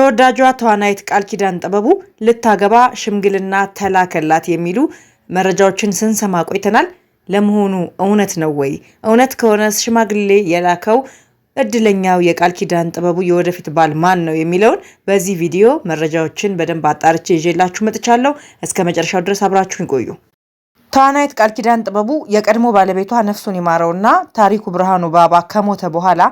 ተወዳጇ ተዋናይት ቃል ኪዳን ጥበቡ ልታገባ ሽምግልና ተላከላት የሚሉ መረጃዎችን ስንሰማ ቆይተናል። ለመሆኑ እውነት ነው ወይ? እውነት ከሆነ ሽማግሌ የላከው እድለኛው የቃል ኪዳን ጥበቡ የወደፊት ባል ማን ነው የሚለውን በዚህ ቪዲዮ መረጃዎችን በደንብ አጣርቼ ይዤላችሁ መጥቻለሁ። እስከ መጨረሻው ድረስ አብራችሁ ይቆዩ። ተዋናይት ቃል ኪዳን ጥበቡ የቀድሞ ባለቤቷ ነፍሱን ይማረውና ታሪኩ ብርሃኑ ባባ ከሞተ በኋላ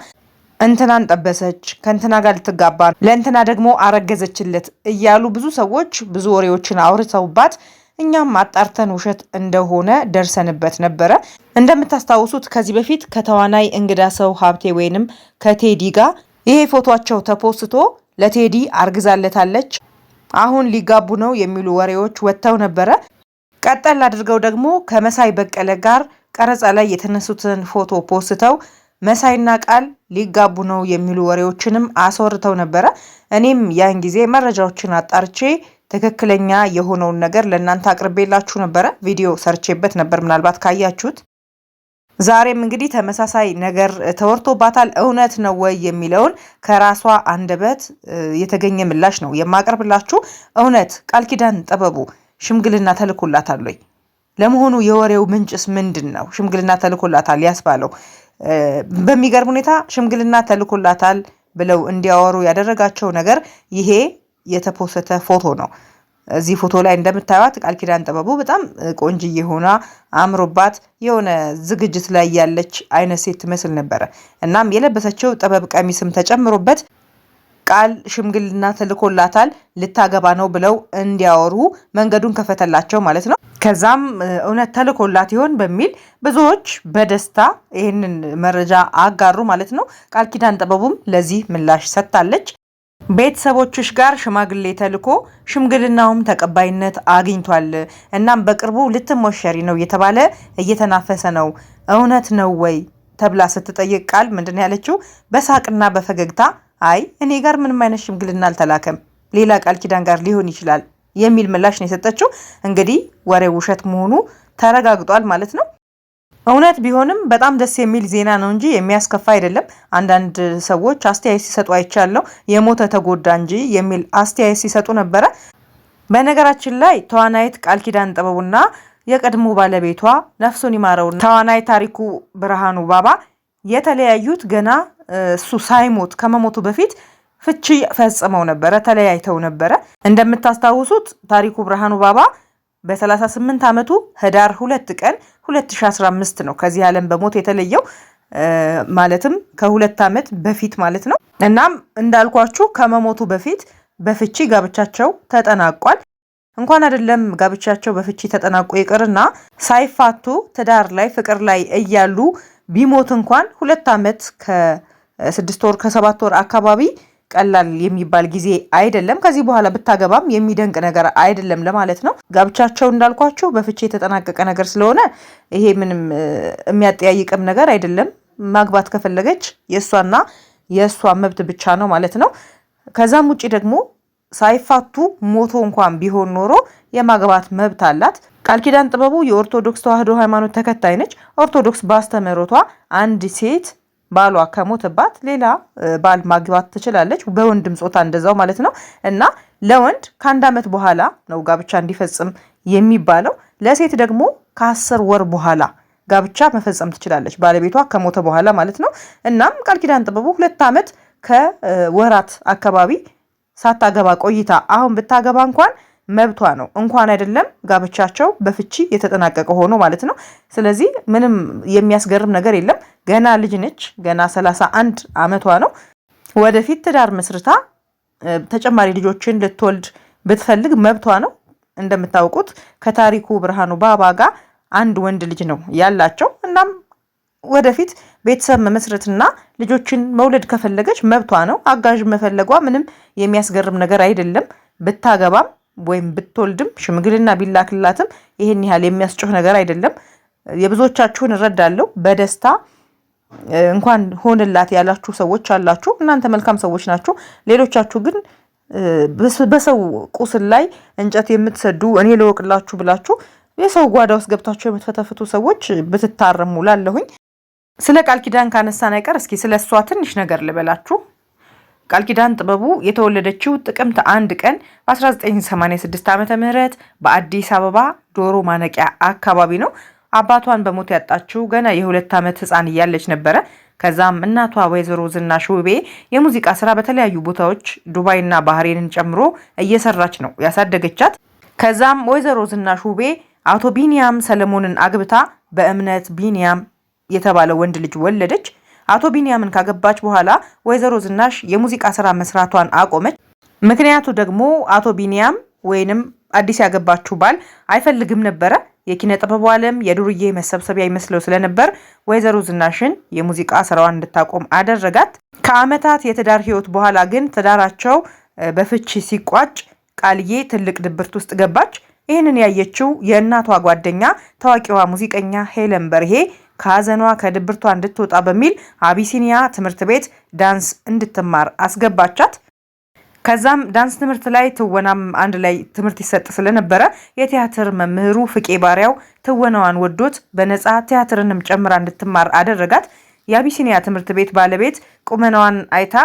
እንትናን ጠበሰች፣ ከእንትና ጋር ልትጋባ ለእንትና ደግሞ አረገዘችለት እያሉ ብዙ ሰዎች ብዙ ወሬዎችን አውርተውባት እኛም አጣርተን ውሸት እንደሆነ ደርሰንበት ነበረ። እንደምታስታውሱት ከዚህ በፊት ከተዋናይ እንግዳ ሰው ሀብቴ ወይንም ከቴዲ ጋር ይሄ ፎቷቸው ተፖስቶ ለቴዲ አርግዛለታለች፣ አሁን ሊጋቡ ነው የሚሉ ወሬዎች ወጥተው ነበረ። ቀጠል አድርገው ደግሞ ከመሳይ በቀለ ጋር ቀረጻ ላይ የተነሱትን ፎቶ ፖስተው መሳይና ቃል ሊጋቡ ነው የሚሉ ወሬዎችንም አስወርተው ነበረ። እኔም ያን ጊዜ መረጃዎችን አጣርቼ ትክክለኛ የሆነውን ነገር ለእናንተ አቅርቤላችሁ ነበረ። ቪዲዮ ሰርቼበት ነበር፣ ምናልባት ካያችሁት። ዛሬም እንግዲህ ተመሳሳይ ነገር ተወርቶባታል። እውነት ነው ወይ የሚለውን ከራሷ አንደበት የተገኘ ምላሽ ነው የማቀርብላችሁ። እውነት ቃል ኪዳን ጥበቡ ሽምግልና ተልኮላታል ወይ? ለመሆኑ የወሬው ምንጭስ ምንድን ነው? ሽምግልና ተልኮላታል ያስባለው በሚገርም ሁኔታ ሽምግልና ተልኮላታል ብለው እንዲያወሩ ያደረጋቸው ነገር ይሄ የተፖሰተ ፎቶ ነው። እዚህ ፎቶ ላይ እንደምታዩት ቃል ኪዳን ጥበቡ በጣም ቆንጅዬ ሆና አምሮባት የሆነ ዝግጅት ላይ ያለች አይነት ሴት ትመስል ነበረ። እናም የለበሰችው ጥበብ ቀሚስም ተጨምሮበት ቃል ሽምግልና ተልኮላታል ልታገባ ነው ብለው እንዲያወሩ መንገዱን ከፈተላቸው ማለት ነው። ከዛም እውነት ተልኮላት ይሆን በሚል ብዙዎች በደስታ ይህንን መረጃ አጋሩ ማለት ነው። ቃል ኪዳን ጥበቡም ለዚህ ምላሽ ሰጥታለች። ቤተሰቦችሽ ጋር ሽማግሌ ተልኮ ሽምግልናውም ተቀባይነት አግኝቷል። እናም በቅርቡ ልትሞሸሪ ነው እየተባለ እየተናፈሰ ነው። እውነት ነው ወይ ተብላ ስትጠይቅ ቃል ምንድን ያለችው በሳቅና በፈገግታ አይ እኔ ጋር ምንም አይነት ሽምግልና አልተላከም፣ ሌላ ቃል ኪዳን ጋር ሊሆን ይችላል የሚል ምላሽ ነው የሰጠችው። እንግዲህ ወሬ ውሸት መሆኑ ተረጋግጧል ማለት ነው። እውነት ቢሆንም በጣም ደስ የሚል ዜና ነው እንጂ የሚያስከፋ አይደለም። አንዳንድ ሰዎች አስተያየት ሲሰጡ አይቻለው። የሞተ ተጎዳ እንጂ የሚል አስተያየት ሲሰጡ ነበረ። በነገራችን ላይ ተዋናይት ቃል ኪዳን ጥበቡና የቀድሞ ባለቤቷ ነፍሱን ይማረው ተዋናይ ታሪኩ ብርሃኑ ባባ የተለያዩት ገና እሱ ሳይሞት ከመሞቱ በፊት ፍቺ ፈጽመው ነበረ፣ ተለያይተው ነበረ። እንደምታስታውሱት ታሪኩ ብርሃኑ ባባ በ38 ዓመቱ ህዳር 2 ቀን 2015 ነው ከዚህ ዓለም በሞት የተለየው ማለትም ከሁለት ዓመት በፊት ማለት ነው። እናም እንዳልኳችሁ ከመሞቱ በፊት በፍቺ ጋብቻቸው ተጠናቋል። እንኳን አይደለም ጋብቻቸው በፍቺ ተጠናቆ ይቅርና ሳይፋቱ ትዳር ላይ ፍቅር ላይ እያሉ ቢሞት እንኳን ሁለት ዓመት ስድስት ወር ከሰባት ወር አካባቢ ቀላል የሚባል ጊዜ አይደለም። ከዚህ በኋላ ብታገባም የሚደንቅ ነገር አይደለም ለማለት ነው። ጋብቻቸው እንዳልኳቸው በፍቺ የተጠናቀቀ ነገር ስለሆነ ይሄ ምንም የሚያጠያይቅም ነገር አይደለም። ማግባት ከፈለገች የእሷና የእሷ መብት ብቻ ነው ማለት ነው። ከዛም ውጭ ደግሞ ሳይፋቱ ሞቶ እንኳን ቢሆን ኖሮ የማግባት መብት አላት። ቃል ኪዳን ጥበቡ የኦርቶዶክስ ተዋሕዶ ሃይማኖት ተከታይ ነች። ኦርቶዶክስ ባስተምህሮቷ አንድ ሴት ባሏ ከሞተባት ሌላ ባል ማግባት ትችላለች። በወንድም ጾታ እንደዛው ማለት ነው እና ለወንድ ከአንድ ዓመት በኋላ ነው ጋብቻ እንዲፈጽም የሚባለው። ለሴት ደግሞ ከአስር ወር በኋላ ጋብቻ መፈጸም ትችላለች ባለቤቷ ከሞተ በኋላ ማለት ነው። እናም ቃል ኪዳን ጥበቡ ሁለት ዓመት ከወራት አካባቢ ሳታገባ ቆይታ አሁን ብታገባ እንኳን መብቷ ነው። እንኳን አይደለም ጋብቻቸው በፍቺ የተጠናቀቀ ሆኖ ማለት ነው። ስለዚህ ምንም የሚያስገርም ነገር የለም። ገና ልጅ ነች። ገና ሰላሳ አንድ ዓመቷ ነው። ወደፊት ትዳር መስርታ ተጨማሪ ልጆችን ልትወልድ ብትፈልግ መብቷ ነው። እንደምታውቁት ከታሪኩ ብርሃኑ ባባ ጋር አንድ ወንድ ልጅ ነው ያላቸው። እናም ወደፊት ቤተሰብ መመስረትና ልጆችን መውለድ ከፈለገች መብቷ ነው። አጋዥ መፈለጓ ምንም የሚያስገርም ነገር አይደለም። ብታገባም ወይም ብትወልድም ሽምግልና ቢላክላትም ይህን ያህል የሚያስጮህ ነገር አይደለም። የብዙዎቻችሁን እረዳለሁ በደስታ እንኳን ሆንላት ያላችሁ ሰዎች አላችሁ። እናንተ መልካም ሰዎች ናችሁ። ሌሎቻችሁ ግን በሰው ቁስል ላይ እንጨት የምትሰዱ እኔ ለወቅላችሁ ብላችሁ የሰው ጓዳ ውስጥ ገብታችሁ የምትፈተፍቱ ሰዎች ብትታረሙ ላለሁኝ። ስለ ቃል ኪዳን ካነሳን አይቀር እስኪ ስለ እሷ ትንሽ ነገር ልበላችሁ። ቃል ኪዳን ጥበቡ የተወለደችው ጥቅምት አንድ ቀን በ1986 ዓ ም በአዲስ አበባ ዶሮ ማነቂያ አካባቢ ነው። አባቷን በሞት ያጣችው ገና የሁለት ዓመት ህፃን እያለች ነበረ። ከዛም እናቷ ወይዘሮ ዝናሽ ውቤ የሙዚቃ ስራ በተለያዩ ቦታዎች ዱባይና ባህሬንን ጨምሮ እየሰራች ነው ያሳደገቻት። ከዛም ወይዘሮ ዝናሽ ውቤ አቶ ቢንያም ሰለሞንን አግብታ በእምነት ቢንያም የተባለ ወንድ ልጅ ወለደች። አቶ ቢንያምን ካገባች በኋላ ወይዘሮ ዝናሽ የሙዚቃ ስራ መስራቷን አቆመች። ምክንያቱ ደግሞ አቶ ቢንያም ወይንም አዲስ ያገባችሁ ባል አይፈልግም ነበረ። የኪነ ጥበቡ ዓለም የዱርዬ መሰብሰቢያ ይመስለው ስለነበር ወይዘሮ ዝናሽን የሙዚቃ ስራዋን እንድታቆም አደረጋት። ከአመታት የትዳር ህይወት በኋላ ግን ትዳራቸው በፍቺ ሲቋጭ ቃልዬ ትልቅ ድብርት ውስጥ ገባች። ይህንን ያየችው የእናቷ ጓደኛ ታዋቂዋ ሙዚቀኛ ሄለን በርሄ ከሀዘኗ ከድብርቷ እንድትወጣ በሚል አቢሲኒያ ትምህርት ቤት ዳንስ እንድትማር አስገባቻት። ከዛም ዳንስ ትምህርት ላይ ትወናም አንድ ላይ ትምህርት ይሰጥ ስለነበረ የቲያትር መምህሩ ፍቄ ባሪያው ትወናዋን ወዶት በነፃ ቲያትርንም ጨምራ እንድትማር አደረጋት። የአቢሲኒያ ትምህርት ቤት ባለቤት ቁመናዋን አይታ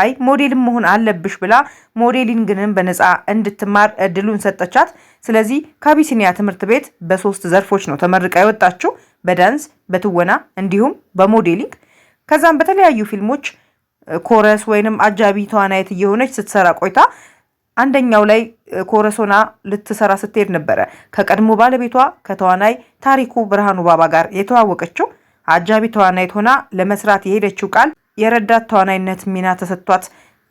አይ ሞዴልም መሆን አለብሽ ብላ ሞዴሊንግንም በነፃ እንድትማር እድሉን ሰጠቻት። ስለዚህ ከአቢሲኒያ ትምህርት ቤት በሶስት ዘርፎች ነው ተመርቃ የወጣችው፣ በዳንስ፣ በትወና እንዲሁም በሞዴሊንግ። ከዛም በተለያዩ ፊልሞች ኮረስ ወይንም አጃቢ ተዋናይት እየሆነች ስትሰራ ቆይታ አንደኛው ላይ ኮረስ ሆና ልትሰራ ስትሄድ ነበረ ከቀድሞ ባለቤቷ ከተዋናይ ታሪኩ ብርሃኑ ባባ ጋር የተዋወቀችው። አጃቢ ተዋናይት ሆና ለመስራት የሄደችው ቃል የረዳት ተዋናይነት ሚና ተሰጥቷት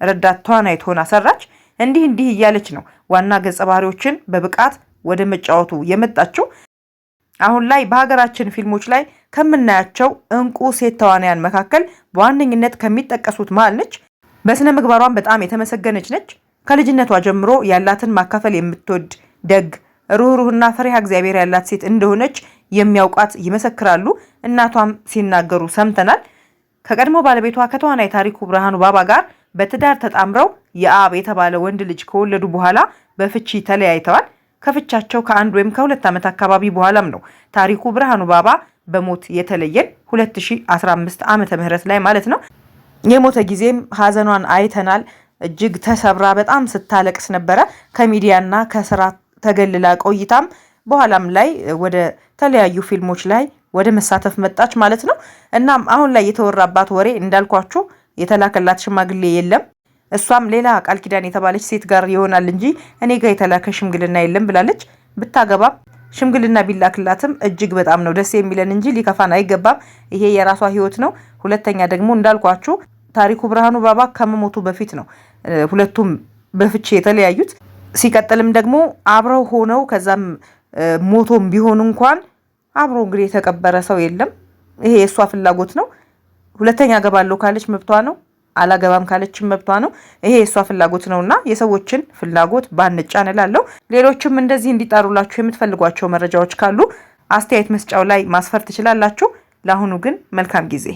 ረዳት ተዋናይት ሆና ሰራች። እንዲህ እንዲህ እያለች ነው ዋና ገጸ ባህሪዎችን በብቃት ወደ መጫወቱ የመጣችው። አሁን ላይ በሀገራችን ፊልሞች ላይ ከምናያቸው እንቁ ሴት ተዋናያን መካከል በዋነኝነት ከሚጠቀሱት መሃል ነች። በስነ ምግባሯን በጣም የተመሰገነች ነች። ከልጅነቷ ጀምሮ ያላትን ማካፈል የምትወድ ደግ፣ ሩህሩህና ፈሪሃ እግዚአብሔር ያላት ሴት እንደሆነች የሚያውቋት ይመሰክራሉ። እናቷም ሲናገሩ ሰምተናል። ከቀድሞ ባለቤቷ ከተዋናይ ታሪኩ ብርሃኑ ባባ ጋር በትዳር ተጣምረው የአብ የተባለ ወንድ ልጅ ከወለዱ በኋላ በፍቺ ተለያይተዋል። ከፍቻቸው ከአንድ ወይም ከሁለት ዓመት አካባቢ በኋላም ነው ታሪኩ ብርሃኑ ባባ በሞት የተለየን 2015 ዓ ምህረት ላይ ማለት ነው። የሞተ ጊዜም ሀዘኗን አይተናል። እጅግ ተሰብራ በጣም ስታለቅስ ነበረ። ከሚዲያና ከስራ ተገልላ ቆይታም በኋላም ላይ ወደ ተለያዩ ፊልሞች ላይ ወደ መሳተፍ መጣች ማለት ነው። እናም አሁን ላይ የተወራባት ወሬ እንዳልኳችሁ የተላከላት ሽማግሌ የለም። እሷም ሌላ ቃል ኪዳን የተባለች ሴት ጋር ይሆናል እንጂ እኔ ጋር የተላከ ሽምግልና የለም ብላለች። ብታገባም ሽምግልና ቢላክላትም እጅግ በጣም ነው ደስ የሚለን እንጂ ሊከፋን አይገባም። ይሄ የራሷ ህይወት ነው። ሁለተኛ ደግሞ እንዳልኳችሁ ታሪኩ ብርሃኑ ባባ ከመሞቱ በፊት ነው ሁለቱም በፍቺ የተለያዩት። ሲቀጥልም ደግሞ አብረው ሆነው ከዛም ሞቶም ቢሆን እንኳን አብሮ እንግዲህ የተቀበረ ሰው የለም። ይሄ የእሷ ፍላጎት ነው። ሁለተኛ ገባለሁ ካለች መብቷ ነው። አላገባም ካለችን መብቷ ነው። ይሄ የእሷ ፍላጎት ነውና የሰዎችን ፍላጎት ባንጫን እላለሁ። ሌሎችም እንደዚህ እንዲጣሩላችሁ የምትፈልጓቸው መረጃዎች ካሉ አስተያየት መስጫው ላይ ማስፈር ትችላላችሁ። ለአሁኑ ግን መልካም ጊዜ